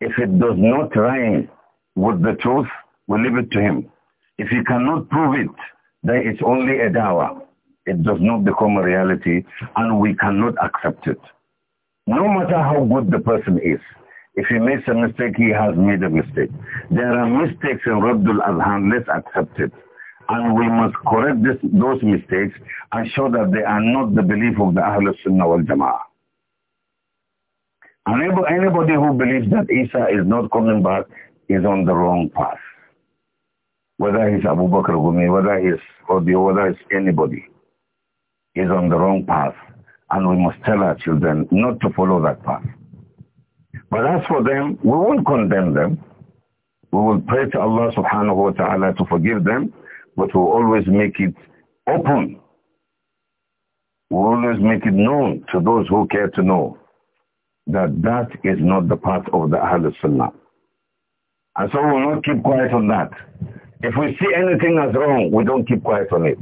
if it does not rhyme with the truth, we leave it to him. If you cannot prove it, then it's only a dawah. It does not become a reality and we cannot accept it. No matter how good the person is, if he makes a mistake, he has made a mistake. There are mistakes in Rabbul Adhan, let's accept it. And we must correct this, those mistakes and show that they are not the belief of the Ahlul Sunnah wal Jama'ah. anybody who believes that Isa is not coming back is on the wrong path whether he's Abu Bakr Gumi, whether he's Odio, whether it's anybody, is on the wrong path. And we must tell our children not to follow that path. But as for them, we won't condemn them. We will pray to Allah subhanahu wa ta'ala to forgive them, but we'll always make it open. We'll always make it known to those who care to know that that is not the path of the Ahlul Sunnah. And so we'll not keep quiet on that. If we see anything as wrong, we don't keep quiet on it.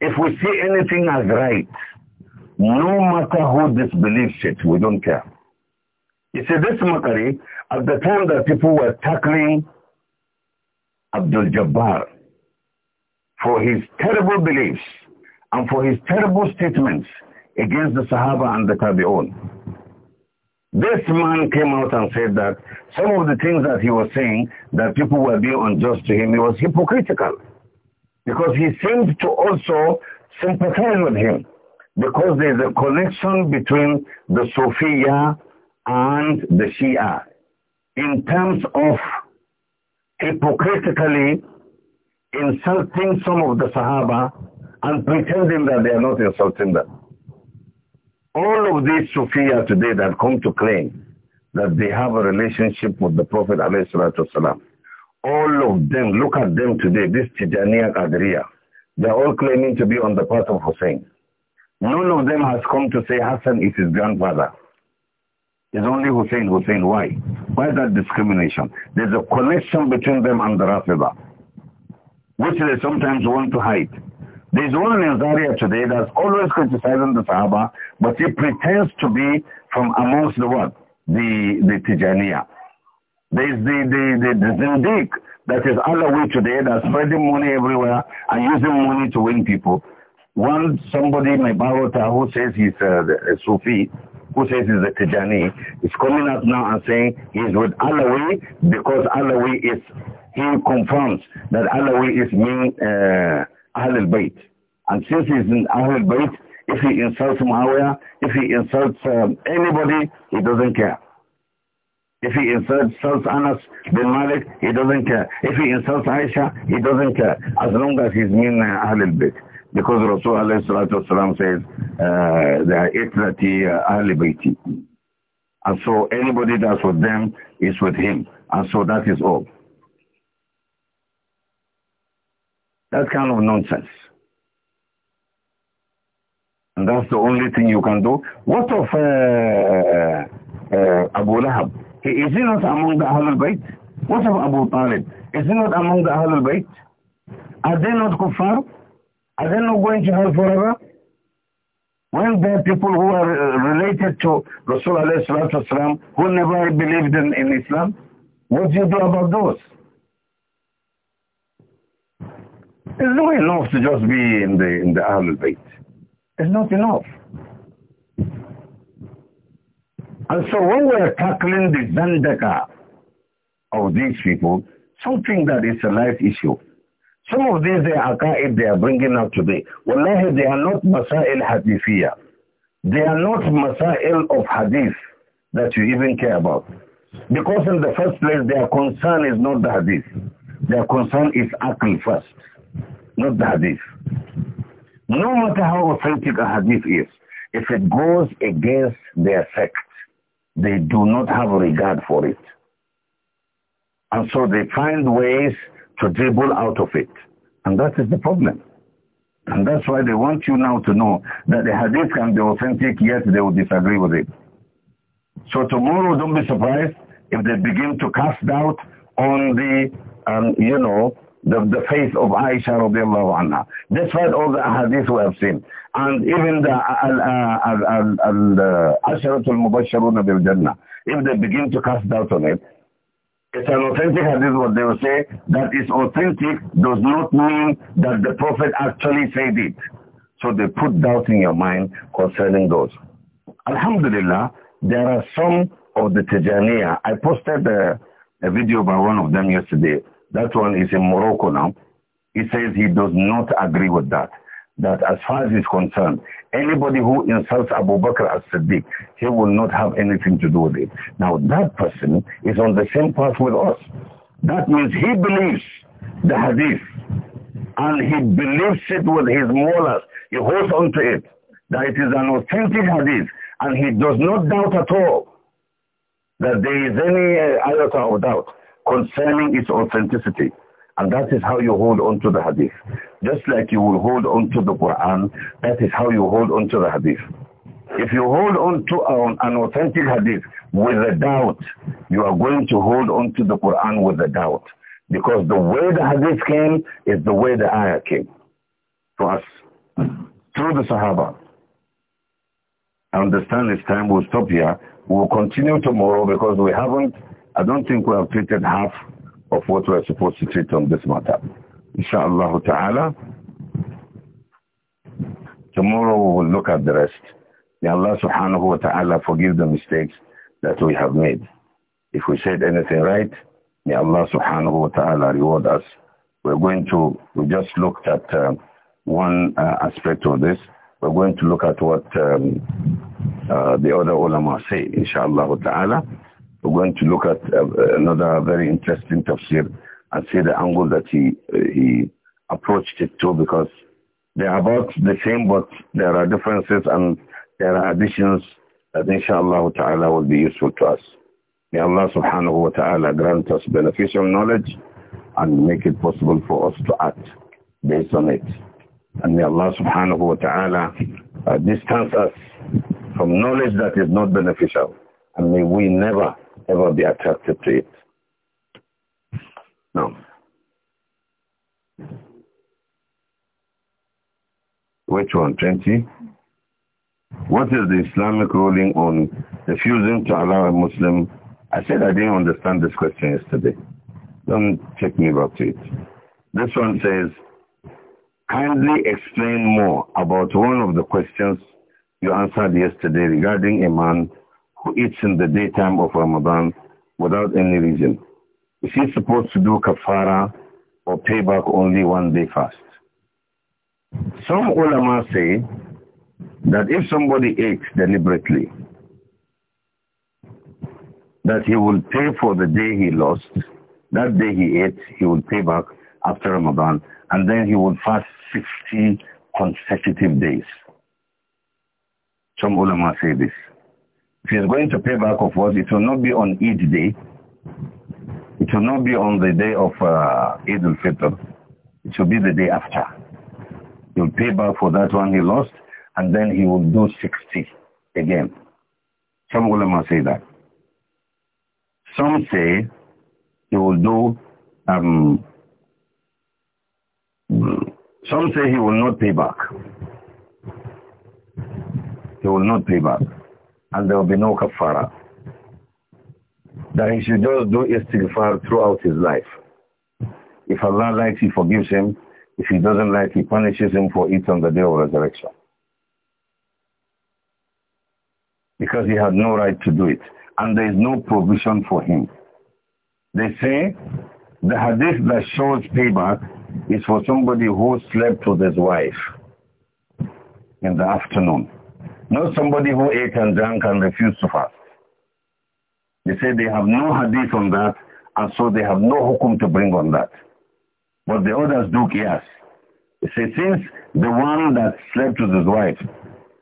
If we see anything as right, no matter who disbelieves it, we don't care. You see, this mockery, at the time that people were tackling Abdul Jabbar for his terrible beliefs and for his terrible statements against the Sahaba and the Tabi'un, this man came out and said that some of the things that he was saying, that people were being unjust to him, he was hypocritical. Because he seemed to also sympathize with him. Because there is a connection between the Sophia and the Shia in terms of hypocritically insulting some of the Sahaba and pretending that they are not insulting them. All of these Sufiya today that come to claim that they have a relationship with the Prophet والسلام, all of them, look at them today, this Tijaniya Qadriya, they're all claiming to be on the path of Hussein. None of them has come to say Hassan is his grandfather. It's only Hussein, Hussein. Why? Why that discrimination? There's a connection between them and the Rafida, which they sometimes want to hide. There's one in Zaria today that's always criticizing the Sahaba, but he pretends to be from amongst the what? The, the Tijaniya. There's the, the, the, the Zindiq that is all the way today that's spreading money everywhere and using money to win people. One, somebody, my Barota, who says he's a, a Sufi, who says he's a Tijani, is coming out now and saying he's with Alawi because Alawi is, he confirms that Alawi is mean, uh, al Bayt. And since he's in al Bayt, if he insults Muawiyah, if he insults um, anybody, he doesn't care. If he insults Anas bin Malik, he doesn't care. If he insults Aisha, he doesn't care. As long as he's min uh, al Bayt. Because Rasulullah والسلام, says, uh, they are itrati uh, al Bayti. And so anybody that's with them is with him. And so that is all. That kind of nonsense. And that's the only thing you can do. What of uh, uh, uh, Abu Lahab? He, is he not among the Ahlul Bayt? What of Abu Talib? Is he not among the Ahlul Bayt? Are they not kuffar? Are they not going to hell forever? When the people who are uh, related to Rasulullah who never believed in, in Islam, what do you do about those? It's not enough to just be in the in the Ahlul Bayt. It's not enough. And so when we're tackling the Zandaka of these people, something that is a life issue. Some of these akaid they are bringing up today, wallahi they are not masail hadithiyah. They are not masail of hadith that you even care about. Because in the first place, their concern is not the hadith. Their concern is akil first not the hadith. No matter how authentic a hadith is, if it goes against their sect, they do not have regard for it. And so they find ways to dribble out of it. And that is the problem. And that's why they want you now to know that the hadith can be authentic, yet they will disagree with it. So tomorrow, don't be surprised if they begin to cast doubt on the, um, you know, the, the face of Aisha radiallahu anha. Despite all the hadith we have seen. And even the uh, uh, uh, Asharatul Mubashiruna bil Jannah, if they begin to cast doubt on it, it's an authentic hadith what they will say, that is authentic does not mean that the Prophet actually said it. So they put doubt in your mind concerning those. Alhamdulillah, there are some of the Tijaniya. I posted a, a video by one of them yesterday that one is in Morocco now. He says he does not agree with that. That as far as he's concerned, anybody who insults Abu Bakr as Siddiq, he will not have anything to do with it. Now that person is on the same path with us. That means he believes the hadith and he believes it with his molars. He holds on to it that it is an authentic hadith and he does not doubt at all that there is any iota of doubt concerning its authenticity. And that is how you hold on to the hadith. Just like you will hold on to the Quran, that is how you hold on to the hadith. If you hold on to an authentic hadith with a doubt, you are going to hold on to the Quran with a doubt. Because the way the hadith came is the way the ayah came to us, through the Sahaba. I understand it's time we'll stop here. We'll continue tomorrow because we haven't I don't think we have treated half of what we're supposed to treat on this matter. Inshallah ta'ala. Tomorrow we will look at the rest. May Allah subhanahu wa ta'ala forgive the mistakes that we have made. If we said anything right, may Allah subhanahu wa ta'ala reward us. We're going to, we just looked at uh, one uh, aspect of this. We're going to look at what um, uh, the other ulama say, inshallah ta'ala going to look at uh, another very interesting tafsir and see the angle that he, he approached it to because they are about the same, but there are differences and there are additions that inshallah ta'ala will be useful to us. May Allah subhanahu wa ta'ala grant us beneficial knowledge and make it possible for us to act based on it. And may Allah subhanahu wa ta'ala uh, distance us from knowledge that is not beneficial. And may we never ever be attracted to it. No. Which one? 20? What is the Islamic ruling on refusing to allow a Muslim? I said I didn't understand this question yesterday. Don't take me about to it. This one says, kindly explain more about one of the questions you answered yesterday regarding a man who eats in the daytime of Ramadan without any reason? Is he supposed to do kafara or pay back only one day fast? Some ulama say that if somebody ate deliberately, that he will pay for the day he lost. That day he ate, he will pay back after Ramadan, and then he will fast 60 consecutive days. Some ulama say this. If he's going to pay back of what, it will not be on Eid day. It will not be on the day of uh, Eid al-Fitr. It will be the day after. He'll pay back for that one he lost, and then he will do 60 again. Some ulama say that. Some say he will do, um, some say he will not pay back. He will not pay back and there will be no kafara. That he should just do istighfar throughout his life. If Allah likes, he forgives him. If he doesn't like, he punishes him for it on the day of resurrection. Because he had no right to do it. And there is no provision for him. They say the hadith that shows payback is for somebody who slept with his wife in the afternoon. Not somebody who ate and drank and refused to fast. They say they have no hadith on that, and so they have no hukum to bring on that. But the others do Yes, They say since the one that slept with his wife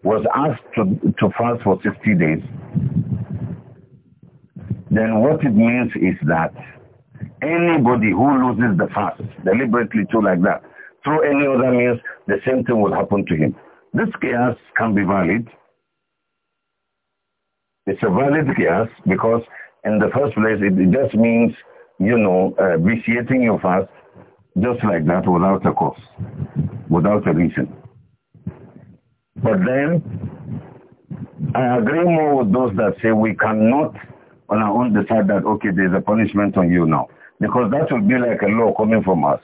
was asked to, to fast for 60 days, then what it means is that anybody who loses the fast, deliberately too like that, through any other means, the same thing will happen to him. This qiyas can be valid. It's a valid qiyas because in the first place it, it just means, you know, uh, vitiating your fast just like that without a cause, without a reason. But then I agree more with those that say we cannot on our own decide that, okay, there's a punishment on you now. Because that would be like a law coming from us.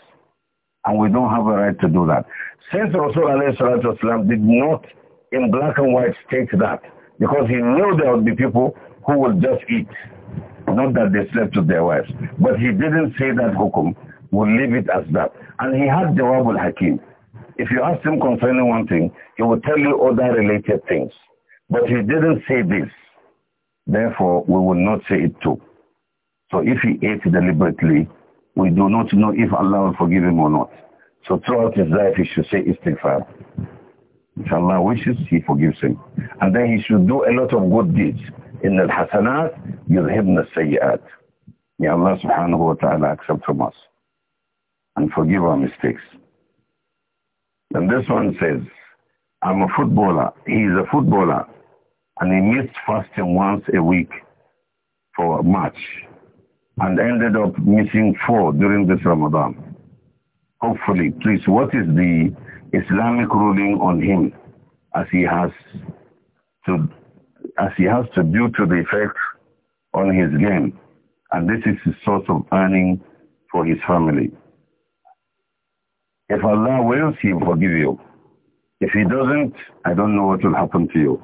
And we don't have a right to do that. Since Rasulullah did not in black and white state that, because he knew there would be people who would just eat, not that they slept with their wives. But he didn't say that hukum, will leave it as that. And he had Jawab al-Hakim. If you ask him concerning one thing, he will tell you other related things. But he didn't say this. Therefore, we will not say it too. So if he ate deliberately, we do not know if Allah will forgive him or not. So throughout his life, he should say istighfar. If Allah wishes, he forgives him. And then he should do a lot of good deeds. In the hasanat yudhibna sayyat. May Allah subhanahu wa ta'ala accept from us and forgive our mistakes. Then this one says, I'm a footballer. He is a footballer. And he missed fasting once a week for a match and ended up missing four during this Ramadan. Hopefully, please, what is the Islamic ruling on him as he has to, as he has to do to the effect on his game? And this is his source of earning for his family. If Allah wills, He will forgive you. If He doesn't, I don't know what will happen to you.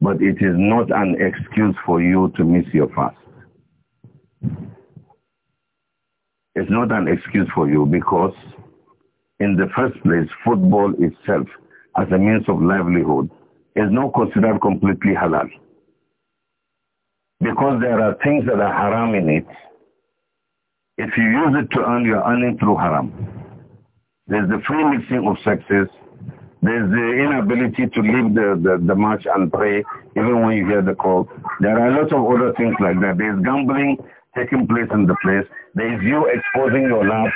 But it is not an excuse for you to miss your fast. It's not an excuse for you because in the first place, football itself as a means of livelihood is not considered completely halal. Because there are things that are haram in it. If you use it to earn, you're earning through haram. There's the free mixing of sexes. There's the inability to leave the, the, the and pray even when you hear the call. There are lots of other things like that. There's gambling taking place in the place. There is you exposing your life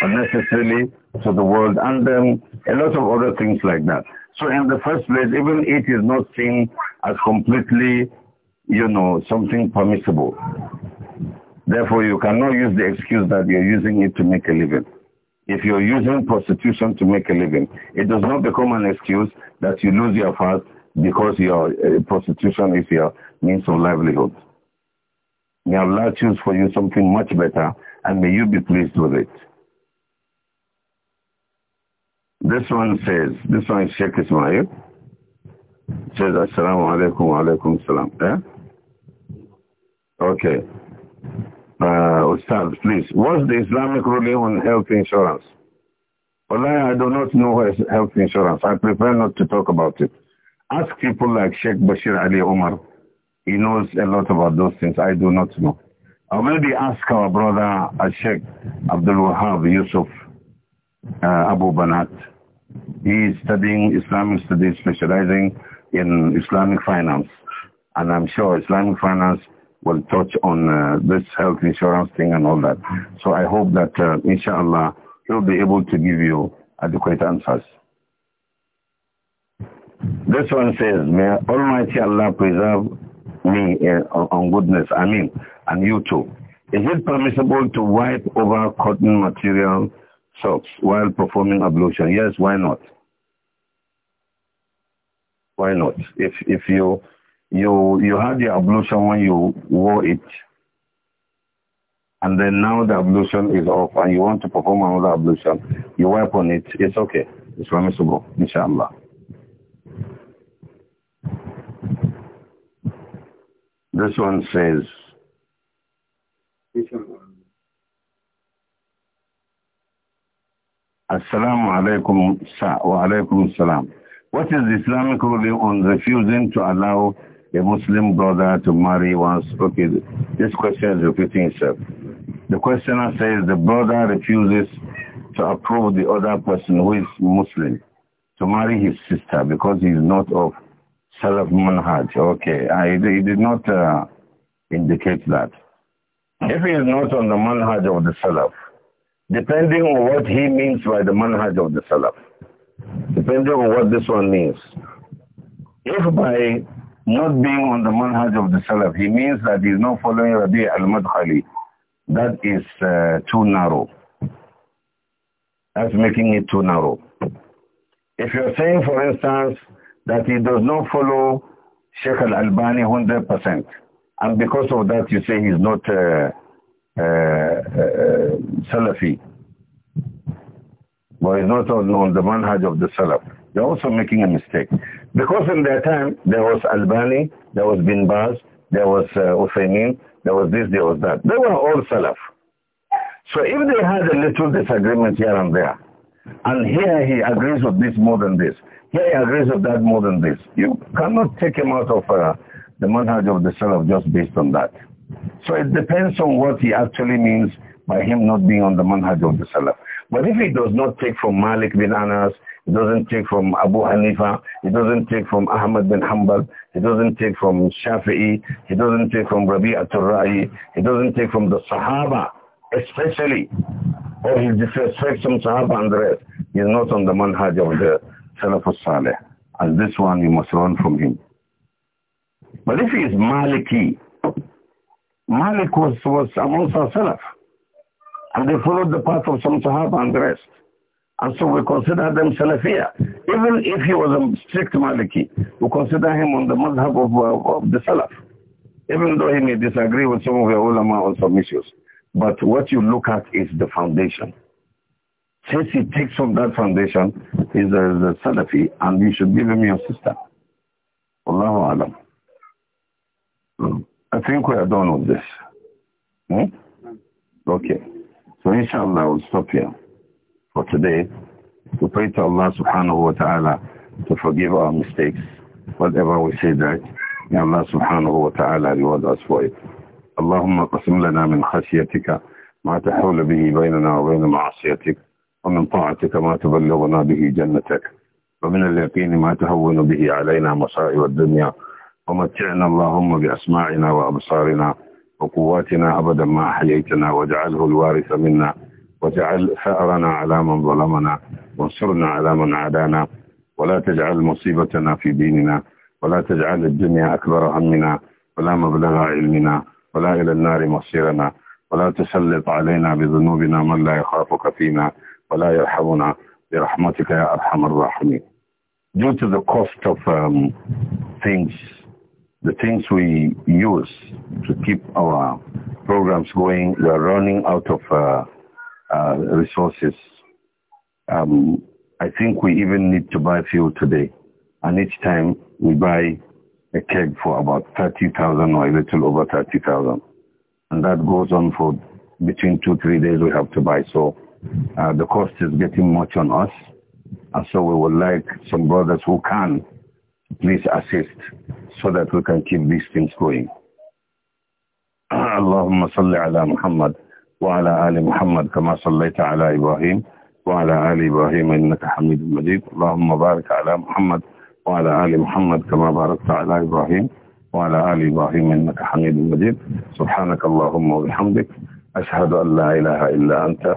unnecessarily to the world and um, a lot of other things like that. So in the first place, even it is not seen as completely, you know, something permissible. Therefore, you cannot use the excuse that you're using it to make a living. If you're using prostitution to make a living, it does not become an excuse that you lose your fast because your uh, prostitution is your means of livelihood. May Allah choose for you something much better and may you be pleased with it. This one says, this one is Sheikh Ismail. Says, Assalamu alaikum wa alaikum salam. Eh? Okay. Uh, Ustaz, please. What's the Islamic ruling on health insurance? Wallahi, I do not know what is health insurance. I prefer not to talk about it. Ask people like Sheikh Bashir Ali Omar he knows a lot about those things. I do not know. I will be ask our brother uh, Sheikh Abdul Wahab Yusuf uh, Abu Banat. He is studying Islamic studies, specializing in Islamic finance. And I'm sure Islamic finance will touch on uh, this health insurance thing and all that. So I hope that, uh, inshallah, he'll be able to give you adequate answers. This one says, may Almighty Allah preserve me uh, on goodness, I mean, and you too. Is it permissible to wipe over cotton material socks while performing ablution? Yes, why not? Why not? If if you you you had the ablution when you wore it, and then now the ablution is off, and you want to perform another ablution, you wipe on it. It's okay. It's permissible, inshallah. This one says, Assalamu alaikum wa alaikum salam. What is the Islamic ruling on refusing to allow a Muslim brother to marry once? Okay, this question is repeating itself. The questioner says the brother refuses to approve the other person who is Muslim to marry his sister because he is not of Salaf Munhaj, Okay. Ah, I, he did not uh, indicate that. If he is not on the Manhaj of the Salaf, depending on what he means by the Manhaj of the Salaf, depending on what this one means, if by not being on the Manhaj of the Salaf, he means that he is not following Rabi al-Madkhali, that is uh, too narrow. That's making it too narrow. If you're saying, for instance, that he does not follow Sheikh al-Albani 100%. And because of that, you say he's not uh, uh, uh, Salafi. But he's not on, on the manhaj of the Salaf. They're also making a mistake. Because in their time, there was Albani, there was Bin Baz, there was uh, there was this, there was that. They were all Salaf. So if they had a little disagreement here and there, and here he agrees with this more than this, he agrees with that more than this. You cannot take him out of uh, the manhaj of the Salaf just based on that. So it depends on what he actually means by him not being on the manhaj of the Salaf. But if he does not take from Malik bin Anas, he doesn't take from Abu Hanifa, he doesn't take from Ahmad bin Hanbal, he doesn't take from Shafi'i, he doesn't take from Rabi Aturai, he doesn't take from the Sahaba, especially, or he disrespects some Sahaba and the rest. He's not on the manhaj of the Salaf al-Saleh. And this one you must run from him. But if he is Maliki, Malik was, was amongst our Salaf. And they followed the path of some Sahaba and the rest. And so we consider them Salafiyah. Even if he was a strict Maliki, we consider him on the madhab of, of the Salaf. Even though he may disagree with some of the ulama on some issues. But what you look at is the foundation. Since he takes from that foundation, he's a, a Salafi, and you should give him your sister. Allahu Alam. Hmm. I think we are done with this. Hmm? Okay. So inshallah, we'll stop here for today. To pray to Allah subhanahu wa ta'ala to forgive our mistakes, whatever we say that. May Allah subhanahu wa ta'ala reward us for it. اللهم قسم ومن طاعتك ما تبلغنا به جنتك ومن اليقين ما تهون به علينا مصائب الدنيا ومتعنا اللهم بأسماعنا وأبصارنا وقواتنا أبدا ما أحييتنا واجعله الوارث منا واجعل ثأرنا على من ظلمنا وانصرنا على من عادانا ولا تجعل مصيبتنا في ديننا ولا تجعل الدنيا أكبر همنا ولا مبلغ علمنا ولا إلى النار مصيرنا ولا تسلط علينا بذنوبنا من لا يخافك فينا ولا يرحمنا برحمتك يا أرحم الراحمين due to the cost of um, things, the things we use to keep our programs going, we are running out of uh, uh, resources. Um, I think we even need to buy fuel today. And each time we buy a keg for about 30,000 or a little over 30,000. And that goes on for between two, three days we have to buy. So uh, the cost is getting much on us. And so we would like some brothers who can please assist so that we can keep these things going. اللهم صل على محمد وعلى آل محمد كما صليت على إبراهيم وعلى آل إبراهيم إنك حميد مجيد اللهم بارك على محمد وعلى آل محمد كما باركت على إبراهيم وعلى آل إبراهيم إنك حميد مجيد سبحانك اللهم وبحمدك أشهد أن لا إله إلا أنت